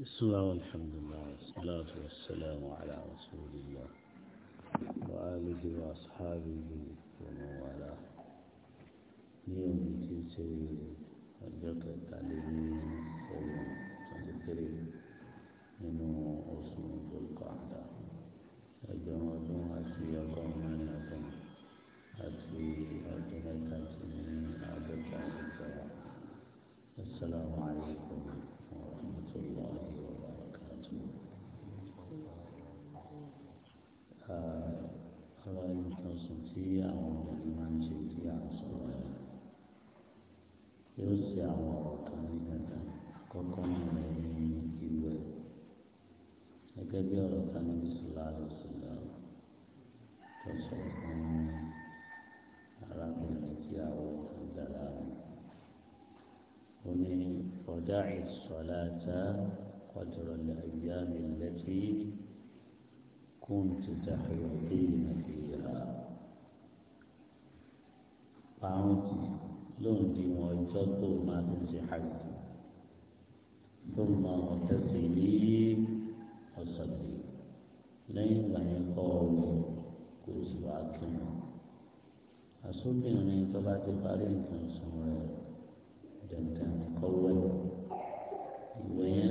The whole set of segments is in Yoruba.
بسم الله والحمد لله والصلاة والسلام على رسول الله وآله وأصحابه ومن والاه يوم تنسي ara nǹkan sùn tí àwọn ọmọdé máa ń ṣe tí à ń sọ̀rọ̀ rẹ̀ yóò ṣe àwọn ọ̀rọ̀ kan ní dandan àkọ́kọ́ nínú rẹ̀ ní ìwẹ̀ gẹ́gẹ́ bí ọ̀rọ̀ kan níbi sọ̀rọ̀ àlọ́ sọ̀rọ̀ tó sọ fún arábìnrin tí àwọn kan dára rẹ̀ ó ní ọ̀dà ìsọ̀lá tá ọ̀dọ̀rọ̀ lẹ́yìn àmì lẹ́tí. كنت تحرقين فيها فعمت لندي وجدت ما تنزحت ثم اغتسلي وصلي لين غني قولي كوز واكنا أصلي من طلعت قريب من سمرة دمتان قوة وين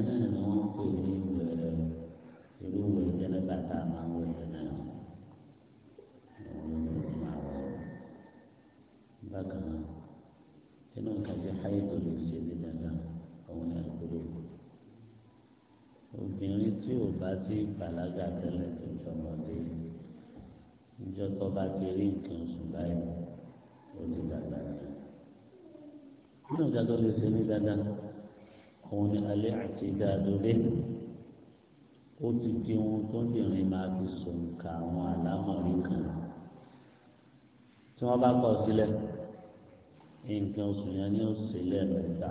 tí balaga tẹ́lẹ̀ tó ń sọmọdé níjọ́ tó bá ti rí nǹkan oṣù báyìí ó ti dàgbà ní. nínú ìjà tó lè ṣe ní dandan òun ni alẹ́ àti ìdádúré ó ti di ohun tó bìnrin máa fi sòǹkà àwọn àlámọ̀rí kan tí wọ́n bá kọ̀ sílẹ̀ nǹkan oṣù yẹn ni ó ṣe lẹ́ẹ̀mẹ́ta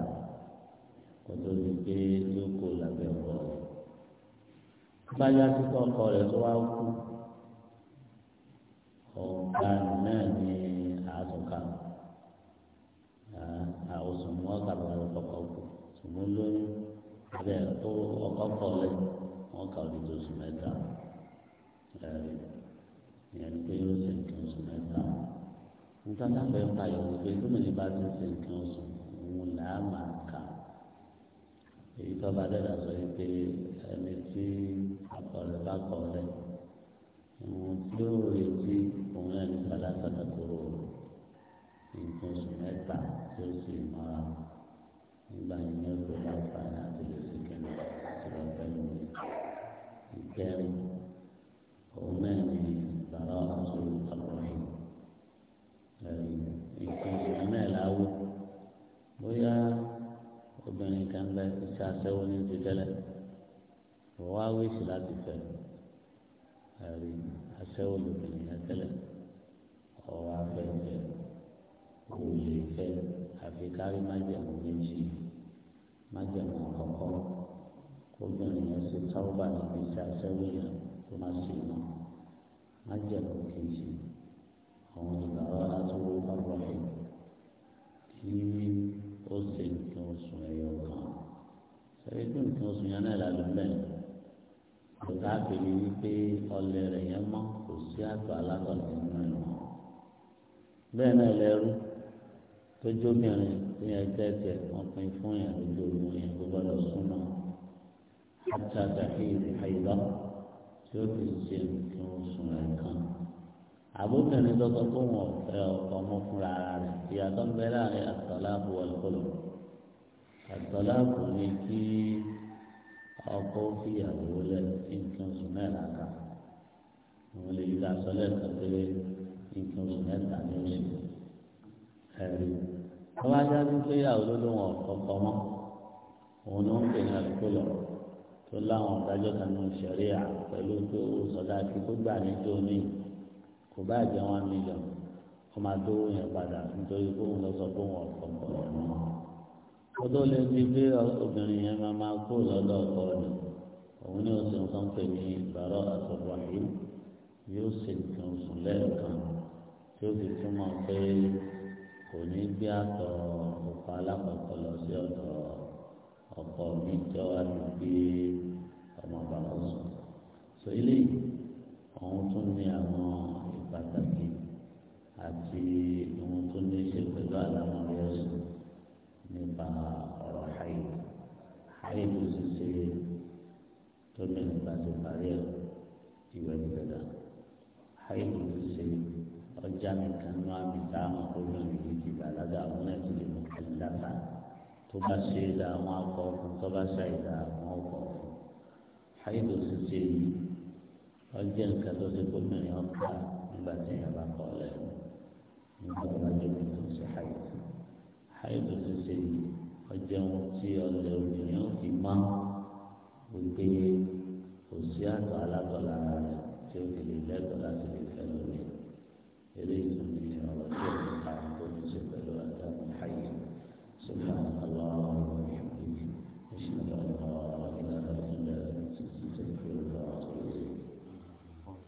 kó tó di pé yóò kó làbẹ́ ọ̀rọ̀ rẹ̀ báyà tí tọkọ rẹ̀ tó wá kú ọ̀gá náà ní àtúnkà àwòsàn mọ́ kàbà ọkọ̀ kù ṣùgbọ́n lóyún abẹ́ tó ọkọ̀ kọlẹ̀ wọ́n kà ó dìde oṣù mẹ́ta ẹ̀rí ìyẹn pé ó ṣe nǹkan oṣù mẹ́ta nítorí àbẹ̀ ń pa ìwọ̀n pé gómìnà bá ti ṣe nǹkan oṣù òun làá máa kà á èyí tó bá dẹ́dà sọ yìí pé ẹni tí akọ̀rẹ́ bá kọ̀ rẹ̀ ìwọ̀n tí ó retí òun náà ní balásàdà kúrò nǹkan oṣù mẹ́ta tí ó sì mọ́ra nígbà yìí ní oṣù láǹfààní àti lè ṣe kẹ́lẹ́ àti lọ́pẹ́ lórí kan bẹ iṣẹ́ aṣẹ́wó ní ti tẹ́lẹ̀ wọ́n wá wíṣì láti fẹ́ ẹ̀rí aṣẹ́wó lòbìnrin yẹn tẹ́lẹ̀ ọwọ́ afẹ́ fẹ́ kò lè fẹ́ àfi kárí májẹ̀mú méjì májẹ̀mú àkọ́kọ́ obìnrin yẹn ṣe táwọn bá níbi iṣẹ́ aṣẹ́wó yẹn tó má ṣe mọ́ májẹ̀mú kejì. àti rí wípé ọlẹ rẹ̀ yẹn mọ́ kò sí àtọ̀ alágbọ̀nà nínú ẹ̀ mọ́ bẹ́ẹ̀ náà lẹ́rú tó jóbìnrin tó yẹn tẹ́tẹ̀ wọ́n pin fún yẹn lójú ogun yẹn kó gbọ́dọ̀ súnmọ́ àtàtà ìrì àyíbá tí ó fi ṣe kí wọ́n sùn rẹ̀ kàn àbókùnrin tọ́tọ́ tó wọ́n fẹ́ ọkọ mọ́ fúnra rẹ̀ ìyàtọ̀ ń bẹ láàrin àtọ̀láàbù ọ̀lẹ́kọ̀lọ̀ àtọ̀láàbù ni ọkọ fìyàwó lẹ nǹkan oṣù mẹ́ta ká àwọn lè yíra aṣọ lẹ́ẹ̀kan pé nǹkan oṣù mẹ́ta ní oṣù ẹ̀rí wọ́n wá dájú pé ìyàwó ló lóun ọ̀kọ̀ọ̀kọ̀ mọ́ òun ló ń pè ní àdúgbò lọ tó láwọn ọ̀dájọ́ kan ní ìṣẹ̀rí à pẹ̀lú pé ó sọ̀dá kí tó gbà ní tóní kò bá jẹ́ wọn mílíọ̀nù kó máa dówó yẹn padà nítorí pé òun lọ sọ pé òun ọ̀kọ̀ọ̀kọ̀ lọ́wọ́ kó tó lè di pé obìnrin yẹn máa máa kó lọ́dọ̀ ọkọ rẹ̀ òun ní oṣù nǹkan pè ní ìbárọ̀ àtọ̀wáyé yóò ṣe nǹkan oṣù lẹ́ẹ̀kan tí ó fi túmọ̀ pé kò ní gbé àtọ̀ àmì kan ní àmì tá a máa kó lórí ìlú ti bàlágà àwọn náà ti lè mú kẹlẹ lápá tó bá ṣe é dá àwọn akọ ọkùn tó bá ṣe àìdá àwọn ọkọ ọkùn àìdò sì ṣe yìí ọjọ́ nǹkan tó ṣe kó mẹ́rin ọkà nígbà tí èèyàn bá kọ lẹ́nu nígbà tó bá jẹ́ kó ṣe àìdò àìdò sì ṣe yìí ọjọ́ ohun tí ọlẹ́ obìnrin ó fi mọ́ wípé kò sí àtọ̀ alátọ̀ lára rẹ̀ tí ó fi lè lẹ́tọ̀ láti lè fẹ́ lórí eléyìí tó ní